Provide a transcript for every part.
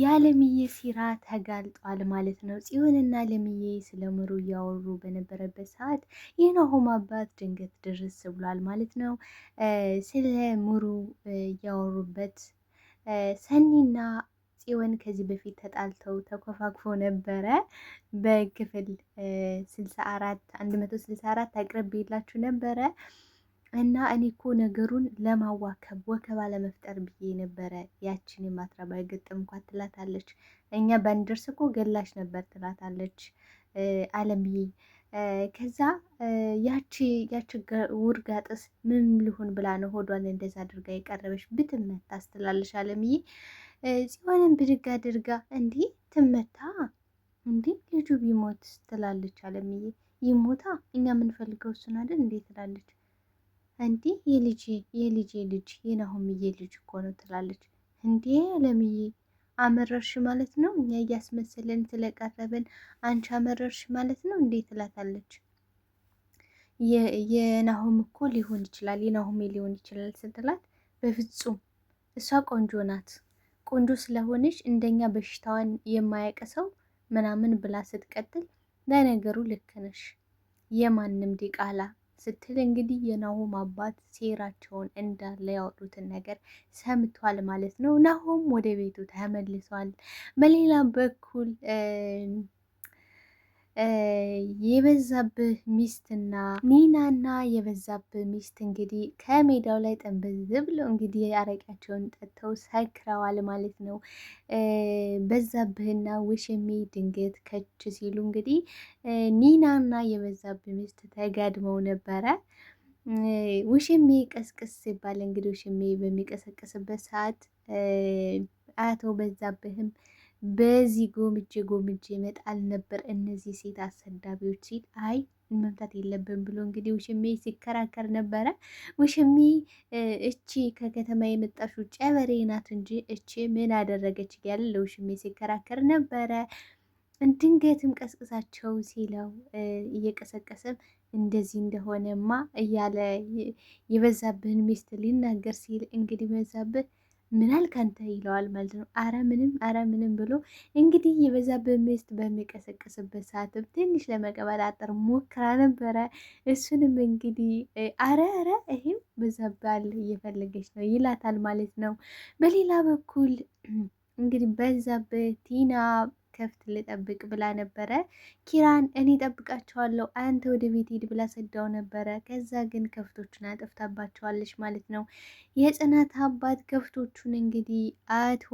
የአለምዬ ሲራ ተጋልጧል ማለት ነው። ጽዮንና አለምዬ ስለ ምሩ እያወሩ በነበረበት ሰዓት የናሆም አባት ድንገት ድርስ ብሏል ማለት ነው። ስለ ምሩ እያወሩበት ሰኒና ጽዮን ከዚህ በፊት ተጣልተው ተኮፋክፎ ነበረ። በክፍል 64 164 አቅርቤላችሁ ነበረ። እና እኔ እኮ ነገሩን ለማዋከብ ወከባ ለመፍጠር ብዬ ነበረ። ያችን የማትረባ ግጥም እንኳን ትላታለች። እኛ ባንደርስ እኮ ገላሽ ነበር ትላታለች አለምዬ። ከዛ ያቺ ያቺ ውርጋጥስ ምን ልሁን ብላ ነው ሆዷን እንደዛ አድርጋ የቀረበች ብትመታስ ትላለች አለምዬ። ጽዮንን ብድግ አድርጋ እንዲህ ትመታ እንዲህ ልጁ ቢሞት ትላለች አለምዬ። ይሞታ እኛ የምንፈልገው እሱን አይደል እንዴ ትላለች እንዲህ የልጄ የልጄ ልጅ የናሆምዬ ልጅ እኮ ነው ትላለች። እንዴ አለምዬ አመረርሽ ማለት ነው እኛ እያስመሰለን ስለቀረብን አንቺ አመረርሽ ማለት ነው እንዴ ትላታለች። የናሆም እኮ ሊሆን ይችላል የናሆሜ ሊሆን ይችላል ስትላት፣ በፍጹም እሷ ቆንጆ ናት። ቆንጆ ስለሆነች እንደኛ በሽታዋን የማያውቅ ሰው ምናምን ብላ ስትቀጥል፣ ለነገሩ ልክ ነሽ የማንም ዲቃላ ስትል እንግዲህ የናሆም አባት ሴራቸውን እንዳለ ያወጡትን ነገር ሰምቷል ማለት ነው። ናሆም ወደ ቤቱ ተመልሷል። በሌላ በኩል የበዛብህ ሚስትና ኒናና የበዛብህ ሚስት እንግዲህ ከሜዳው ላይ ጠንበዝ ብለው እንግዲህ አረቂያቸውን ጠጥተው ሰክረዋል ማለት ነው። በዛብህና ውሽሜ ድንገት ከች ሲሉ እንግዲህ ኒናና የበዛብህ ሚስት ተጋድመው ነበረ። ውሽሜ ቀስቅስ ይባል እንግዲህ ውሽሜ በሚቀሰቅስበት ሰዓት አቶ በዛብህም በዚህ ጎምጄ ጎምጄ መጣል ነበር እነዚህ ሴት አሰዳቢዎች ሲል አይ መምታት የለብን ብሎ እንግዲህ ውሽሜ ሲከራከር ነበረ። ውሽሜ እቺ ከከተማ የመጣሽው ጨበሬ ናት እንጂ እቺ ምን አደረገች እያለ ለውሽሜ ሲከራከር ነበረ። ድንገትም ቀስቅሳቸው ሲለው እየቀሰቀሰም እንደዚህ እንደሆነማ እያለ የበዛብህን ሚስት ሊናገር ሲል እንግዲህ በዛብህ ምናል ከንተ ይለዋል ማለት ነው። አረ ምንም አረ ምንም ብሎ እንግዲህ የበዛ በሚስት በሚቀሰቀስበት ሰዓትም ትንሽ ለመቀበጣጠር ሞክራ ነበረ። እሱንም እንግዲህ አረ አረ በዛ ባል እየፈለገች ነው ይላታል ማለት ነው። በሌላ በኩል እንግዲህ በዛብህ ቲና ከፍት ልጠብቅ ብላ ነበረ። ኪራን እኔ ጠብቃቸዋለሁ አንተ ወደ ቤት ሂድ ብላ ሰዳው ነበረ። ከዛ ግን ከፍቶቹን አጠፍታባቸዋለች ማለት ነው። የጽናት አባት ከፍቶቹን እንግዲህ አቶ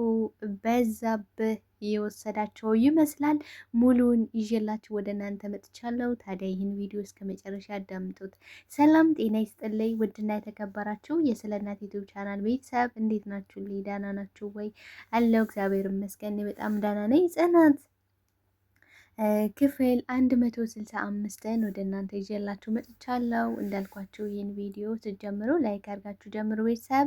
በዛብህ የወሰዳቸው ይመስላል። ሙሉውን ይዤላችሁ ወደ እናንተ መጥቻለሁ። ታዲያ ይህን ቪዲዮ እስከ መጨረሻ ያዳምጡት። ሰላም ጤና ይስጥልኝ። ውድና የተከበራችሁ የስለ እናት ዩቲዩብ ቻናል ቤተሰብ እንዴት ናችሁ? ልይ ዳና ናችሁ ወይ? አለው እግዚአብሔር ይመስገን በጣም ዳና ነኝ። ጽናት ክፍል 165ን ወደ እናንተ ይዤላችሁ መጥቻለሁ። እንዳልኳችሁ ይህን ቪዲዮ ስትጀምሩ ላይክ አድርጋችሁ ጀምሩ። ቤተሰብ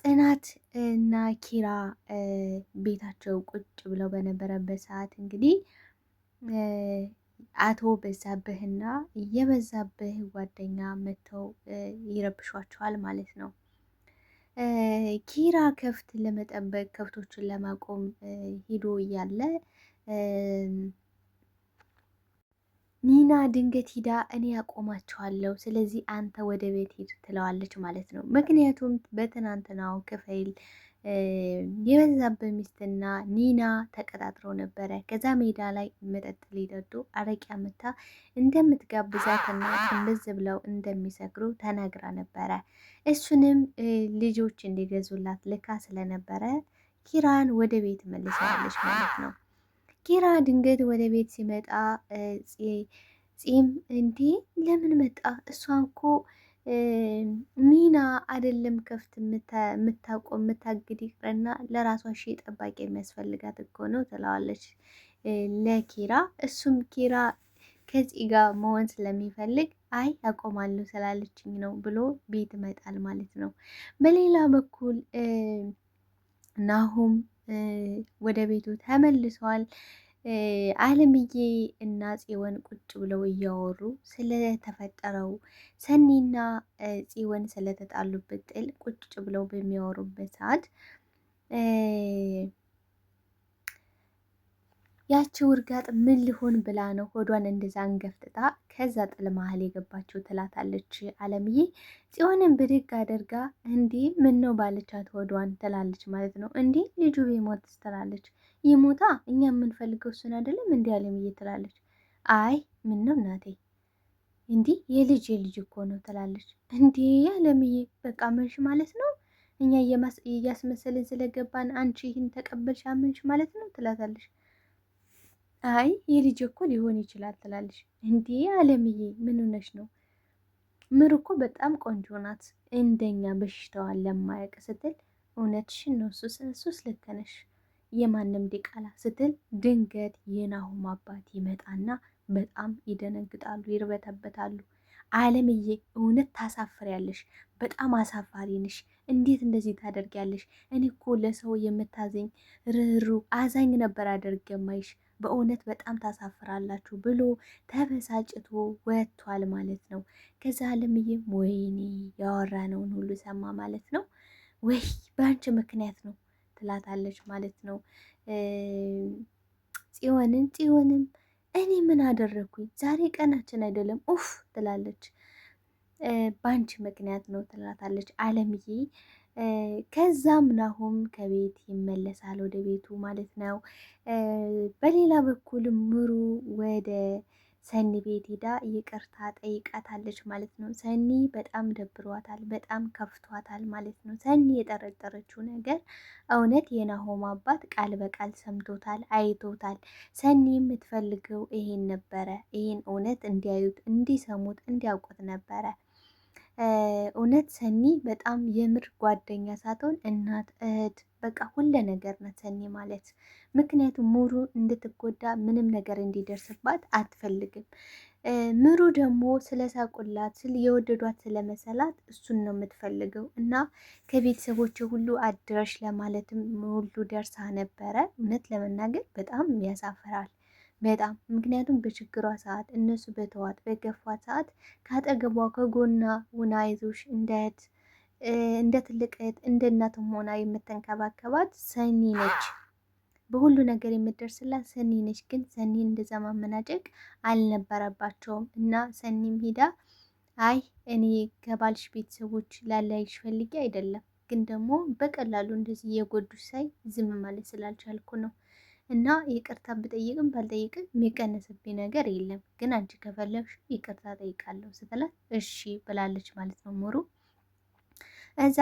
ጽናት እና ኪራ ቤታቸው ቁጭ ብለው በነበረበት ሰዓት እንግዲህ አቶ በዛብህና የበዛብህ ጓደኛ መጥተው ይረብሿቸዋል ማለት ነው። ኪራ ከፍት ለመጠበቅ ከብቶችን ለማቆም ሂዶ እያለ ኒና ድንገት ሂዳ እኔ ያቆማቸዋለሁ፣ ስለዚህ አንተ ወደ ቤት ሂድ ትለዋለች ማለት ነው። ምክንያቱም በትናንትናው ክፍል የበዛብህ ሚስትና ኒና ተቀጣጥረው ነበረ። ከዛ ሜዳ ላይ መጠጥ ሊጠጡ አረቂያ ምታ እንደምትጋብዛትና ጥምዝ ብለው እንደሚሰክሩ ተናግራ ነበረ። እሱንም ልጆች እንዲገዙላት ልካ ስለነበረ ኪራን ወደ ቤት መልሳለች ማለት ነው። ኪራ ድንገት ወደ ቤት ሲመጣ ፂም እንዲህ ለምን መጣ እሷን እኮ ሚና አይደለም ከፍት የምታቆም የምታግድ ይቅረና ለራሷ ሺ ጠባቂ የሚያስፈልጋት እኮ ነው ትለዋለች ለኪራ። እሱም ኪራ ከዚህ ጋር መሆን ስለሚፈልግ አይ ያቆማለሁ ስላለችኝ ነው ብሎ ቤት ይመጣል ማለት ነው። በሌላ በኩል ናሁም ወደ ቤቱ ተመልሷል። አለምዬ እና ጽዮን ቁጭ ብለው እያወሩ ስለተፈጠረው ሰኒና ጽዮን ስለተጣሉበት ጥል ቁጭ ብለው በሚያወሩበት ሰዓት ያቺ ውርጋጥ ምን ሊሆን ብላ ነው ሆዷን እንደዛ እንገፍጥታ ከዛ ጥል መሀል የገባችው ትላታለች አለምዬ። ጽዮንን ብድግ አድርጋ እንዲ ምን ነው ባለቻት ሆዷን ትላለች ማለት ነው። እንዲ ልጁ ቢሞት ትላለች። ይሞታ እኛ የምንፈልገው እሱን አይደለም እንዲ አለምዬ ትላለች። አይ ምን ነው እናቴ እንዲ የልጅ የልጅ እኮ ነው ትላለች። እንዲህ አለምዬ በቃ ምንሽ ማለት ነው እኛ እያስመሰልን ስለገባን አንቺ ይህን ተቀበልሽ አምንሽ ማለት ነው ትላታለች። አይ የልጅ እኮ ሊሆን ይችላል ትላለች። እንዲህ አለምዬ ምን ሆነሽ ነው? ምር እኮ በጣም ቆንጆ ናት፣ እንደኛ በሽታዋን ለማያውቅ ስትል እውነትሽን ነው ሱስ ልክ ነሽ፣ የማንም ዲቃላ ስትል ድንገት የናሁም አባት ይመጣና በጣም ይደነግጣሉ፣ ይርበተበታሉ። አለምዬ እውነት ታሳፍሪያለሽ፣ በጣም አሳፋሪ ነሽ። እንዴት እንደዚህ ታደርጊያለሽ? እኔ እኮ ለሰው የምታዘኝ ርኅሩህ አዛኝ ነበር አደርግ በእውነት በጣም ታሳፍራላችሁ ብሎ ተበሳጭቶ ወጥቷል ማለት ነው። ከዛ አለምዬም ወይኔ ያወራነውን ሁሉ ሰማ ማለት ነው ወይ በአንቺ ምክንያት ነው ትላታለች ማለት ነው። ጽዮንን ጽዮንም እኔ ምን አደረግኩኝ? ዛሬ ቀናችን አይደለም ኡፍ ትላለች። በአንቺ ምክንያት ነው ትላታለች አለምዬ ከዛም ናሆም ከቤት ይመለሳል ወደ ቤቱ ማለት ነው። በሌላ በኩል ምሩ ወደ ሰኒ ቤት ሄዳ ይቅርታ ጠይቃታለች ማለት ነው። ሰኒ በጣም ደብሯታል፣ በጣም ከፍቷታል ማለት ነው። ሰኒ የጠረጠረችው ነገር እውነት የናሆም አባት ቃል በቃል ሰምቶታል፣ አይቶታል። ሰኒ የምትፈልገው ይሄን ነበረ፣ ይሄን እውነት እንዲያዩት፣ እንዲሰሙት፣ እንዲያውቁት ነበረ። እውነት ሰኒ በጣም የምር ጓደኛ ሳትሆን እናት፣ እህት በቃ ሁለ ነገር ናት ሰኒ ማለት። ምክንያቱም ምሩ እንድትጎዳ ምንም ነገር እንዲደርስባት አትፈልግም። ምሩ ደግሞ ስለሳቁላት ስል የወደዷት ስለመሰላት እሱን ነው የምትፈልገው እና ከቤተሰቦች ሁሉ አድረሽ ለማለትም ሁሉ ደርሳ ነበረ። እውነት ለመናገር በጣም ያሳፍራል። በጣም ምክንያቱም በችግሯ ሰዓት እነሱ በተዋት በገፏት ሰዓት ከአጠገቧ ከጎኗ ውና ይዞሽ እንደት እንደ ትልቅ እንደ እናትም ሆና የምትንከባከባት ሰኒ ነች። በሁሉ ነገር የምትደርስላት ሰኒ ነች። ግን ሰኒ እንደዛ ማመናጨቅ አልነበረባቸውም እና ሰኒም ሂዳ አይ እኔ ከባልሽ ቤተሰቦች ላላይሽ ፈልጌ አይደለም፣ ግን ደግሞ በቀላሉ እንደዚህ የጎዱሽ ሳይ ዝም ማለት ስላልቻልኩ ነው እና ይቅርታ ብጠይቅም ባልጠይቅም የሚቀንስብኝ ነገር የለም፣ ግን አንቺ ከፈለግሽ ይቅርታ ጠይቃለሁ ስትላት እሺ ብላለች ማለት ነው ሙሩ። እዛ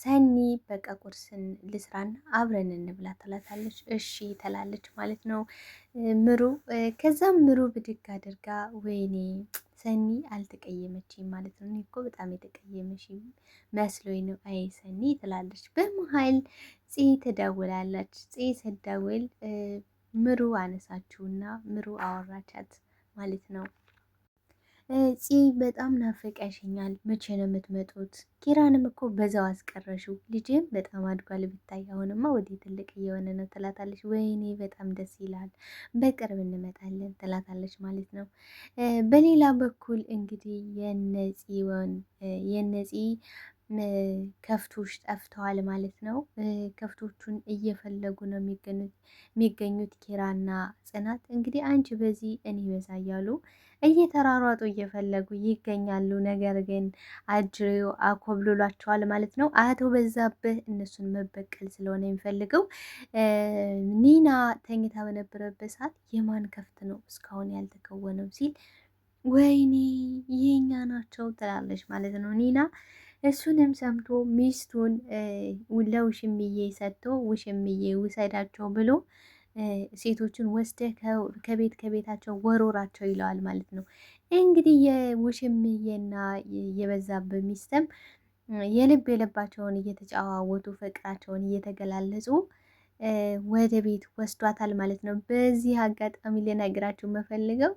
ሰኒ በቃ ቁርስን ልስራን አብረን እንብላ ትላታለች። እሺ ትላለች ማለት ነው ምሩ። ከዛም ምሩ ብድግ አድርጋ ወይኔ ሰኒ አልተቀየመችኝ ማለት ነው። እኔ እኮ በጣም የተቀየመች መስሎኝ ነው። አይ ሰኒ ትላለች። በመሀል ፅ ትደውላለች። ፅ ስትደውል ምሩ አነሳችሁና ምሩ አወራቻት ማለት ነው። ፂ በጣም ናፈቀሽኛል፣ መቼ ነው የምትመጡት? ኪራንም እኮ በዛው አስቀረሽው። ልጅም በጣም አድጓል ብታይ፣ አሁንማ ወደ ትልቅ እየሆነ ነው ትላታለች። ወይኔ በጣም ደስ ይላል፣ በቅርብ እንመጣለን ትላታለች ማለት ነው። በሌላ በኩል እንግዲህ የነፂ ከፍቶች ጠፍተዋል ማለት ነው። ከፍቶቹን እየፈለጉ ነው የሚገኙት ኪራና ጽናት። እንግዲህ አንቺ በዚህ እኔ በዛ እያሉ እየተራሯጡ እየፈለጉ ይገኛሉ። ነገር ግን አጅሬው አኮብልሏቸዋል ማለት ነው። አቶ በዛብህ እነሱን መበቀል ስለሆነ የሚፈልገው ኒና ተኝታ በነበረበት ሰዓት የማን ከፍት ነው እስካሁን ያልተከወነው ሲል ወይኔ ይሄኛ ናቸው ትላለች ማለት ነው ኒና እሱንም ሰምቶ ሚስቱን ለውሽምዬ ሰጥቶ ውሽምዬ ውሰዳቸው ብሎ ሴቶችን ወስደ ከቤት ከቤታቸው ወሮራቸው ይለዋል ማለት ነው። እንግዲህ የውሽምዬና የበዛብህ ሚስትም የልብ የልባቸውን እየተጫዋወቱ ፍቅራቸውን እየተገላለጹ ወደ ቤት ወስዷታል ማለት ነው። በዚህ አጋጣሚ ልነግራችሁ መፈልገው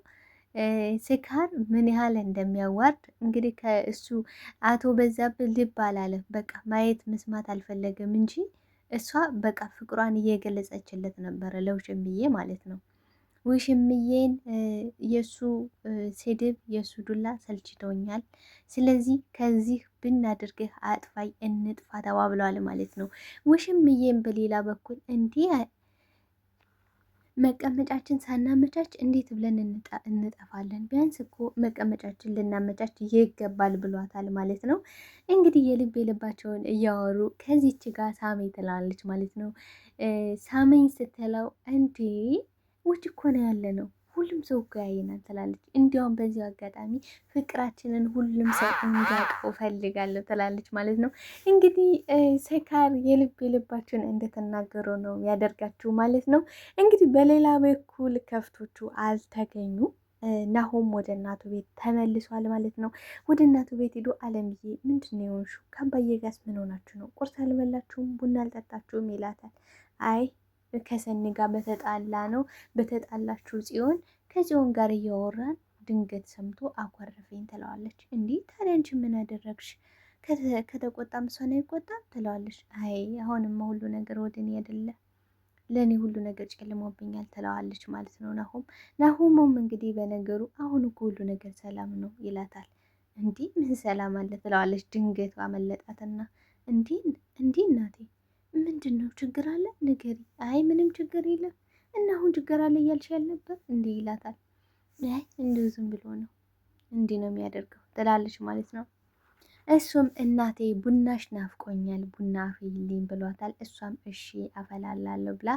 ስካር ምን ያህል እንደሚያዋርድ እንግዲህ ከእሱ አቶ በዛብህ ልብ አላለም። በቃ ማየት መስማት አልፈለገም እንጂ እሷ በቃ ፍቅሯን እየገለጸችለት ነበረ ለውሽምዬ ማለት ነው። ውሽምዬን የእሱ ስድብ የእሱ ዱላ ሰልችቶኛል፣ ስለዚህ ከዚህ ብናድርግህ አጥፋይ እንጥፋ ተባብለዋል ማለት ነው። ውሽምዬን በሌላ በኩል እንዲህ መቀመጫችን ሳናመቻች እንዴት ብለን እንጠፋለን? ቢያንስ እኮ መቀመጫችን ልናመቻች ይገባል ብሏታል ማለት ነው። እንግዲህ የልብ የልባቸውን እያወሩ ከዚች ጋር ሳሜ ትላለች ማለት ነው። ሳመኝ ስትለው እንዴ ውጭ እኮ ነው ያለ ነው ሁሉም ሰው እኮ ያየናል ትላለች። እንዲያውም በዚህ አጋጣሚ ፍቅራችንን ሁሉም ሰው እንዲያውቀው ፈልጋለሁ ትላለች ማለት ነው። እንግዲህ ሰካር የልብ የልባችሁን እንደተናገሩ ነው ያደርጋችሁ ማለት ነው። እንግዲህ በሌላ በኩል ከፍቶቹ አልተገኙ ናሆም ወደ እናቱ ቤት ተመልሷል ማለት ነው። ወደ እናቱ ቤት ሄዶ አለምዬ ምንድን ነው የሆንሽው? ከአባዬ ጋርስ ምን ሆናችሁ ነው? ቁርስ አልበላችሁም? ቡና አልጠጣችሁም? ይላታል። አይ ከሰኒ ጋር በተጣላ ነው በተጣላችሁ ጽዮን ከጽዮን ጋር እያወራን ድንገት ሰምቶ አኮረፈኝ ትለዋለች። እንዲህ ታዲያ አንቺ ምን አደረግሽ? ከተቆጣም ሰን አይቆጣም ትለዋለች። አይ አሁንማ ሁሉ ነገር ወደኔ አይደለ ለእኔ ሁሉ ነገር ጨልሞብኛል ትለዋለች ማለት ነው። ናሁም ናሆሞም እንግዲህ በነገሩ አሁን እኮ ሁሉ ነገር ሰላም ነው ይላታል። እንዲህ ምን ሰላም አለ ትለዋለች። ድንገት አመለጣትና እንዲህ እንዲህ እናቴ ምንድን ነው ችግር አለ ንገሪ። አይ ምንም ችግር የለም። እና አሁን ችግር አለ እያልሽ ያልነበር እንዴ ይላታል። አይ እንዲሁ ዝም ብሎ ነው እንዲህ ነው የሚያደርገው ትላለች ማለት ነው። እሱም እናቴ ቡናሽ ናፍቆኛል ቡና አፍይልኝ ብሏታል። እሷም እሺ አፈላላለሁ ብላ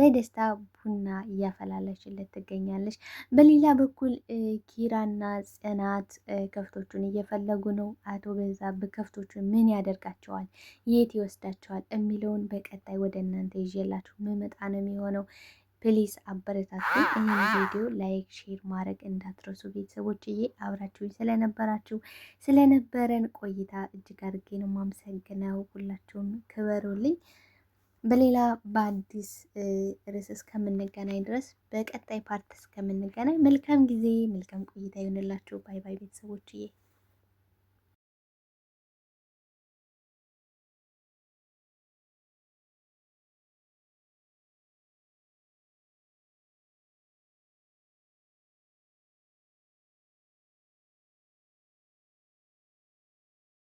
በደስታ ቡና እያፈላለችለት ትገኛለች። በሌላ በኩል ኪራና ጽናት ከብቶቹን እየፈለጉ ነው። አቶ በዛብህ ከብቶቹን ምን ያደርጋቸዋል፣ የት ይወስዳቸዋል የሚለውን በቀጣይ ወደ እናንተ ይዤላችሁ ምመጣ ነው የሚሆነው። ፕሊዝ አበረታቱ። ይህን ቪዲዮ ላይክ፣ ሼር ማድረግ እንዳትረሱ ቤተሰቦችዬ። አብራችሁኝ ስለነበራችሁ ስለነበረን ቆይታ እጅግ አድርጌ ነው ማመሰግነው። ሁላችሁም ክበሩልኝ። በሌላ በአዲስ ርዕስ እስከምንገናኝ ድረስ በቀጣይ ፓርት እስከምንገናኝ መልካም ጊዜ፣ መልካም ቆይታ ይሆንላችሁ። ባይ ባይ ቤተሰቦችዬ።